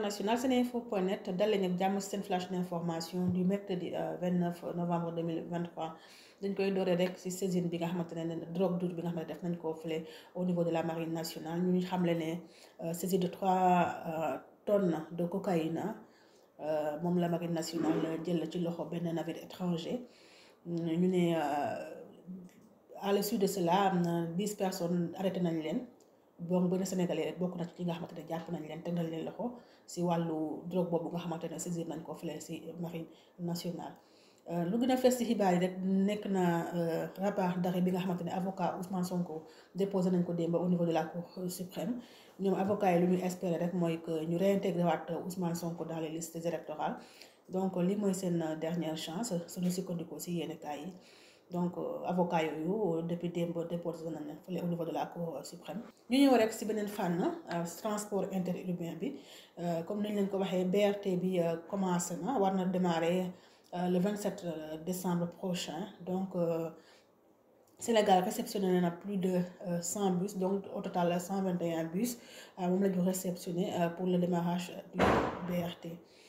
international seneinfo.net dal leen ak jàmm ci seen flash d'information du mercredi 29 euh, novembre 2023 dañ koy dooree rek ci saisine bi nga xamante ne drogue dure bi nga xamante ne def nañ ko fële au niveau de la marine nationale ñu xamle ne euh, saisine de 3 euh, tonnes de cocaïne moom la marine nationale jël ci loxo benn navire étranger ñu ne à l'issue de cela am na 10 personnes arrêté nañ leen. donc bëri sénégalais rek bokk na ci ñi nga xamante ne jàpp nañ leen teg nañ leen loxo si wàllu drogue boobu nga xamante ne saisir nañ ko fële si marine nationale. Euh, lu gën a fees si xibaar yi rek nekk na euh, rapport d'arrêt bi nga xamante ne avocat Ousmane Sonko déposé nañ ko démb au niveau de la cour suprême ñoom avocat yi lu ñuy espérer rek mooy que ñu réintégrer waat Ousmane Sonko dans les listes électorales donc li mooy seen dernière chance suñu sukkandiku si yenn cas yi. donc euh, avocat yooyu depuis démb déposé nañ leen fële au niveau de la cour suprême ñu ñëw rek si beneen fànn euh, transport interurbain bi euh, comme nañ leen ko waxee BRT bi commencé na war na démarrer le 27 décembre prochain donc Sénégal réceptionné na plus de 100 bus donc au total 121 bus moom la ñu pour le démarrage du BRT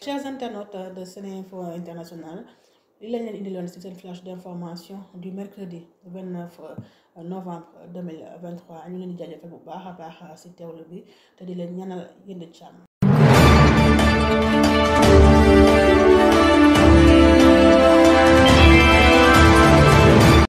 chers internautes de Sénéinfo International li lañ leen indiloon ci seen flash d'information du mercredi 29 euh, novembre 2023 ñu leen di jaajëfal bu baax a baax ci teewlu bi te di leen ñaanal yënd càmm.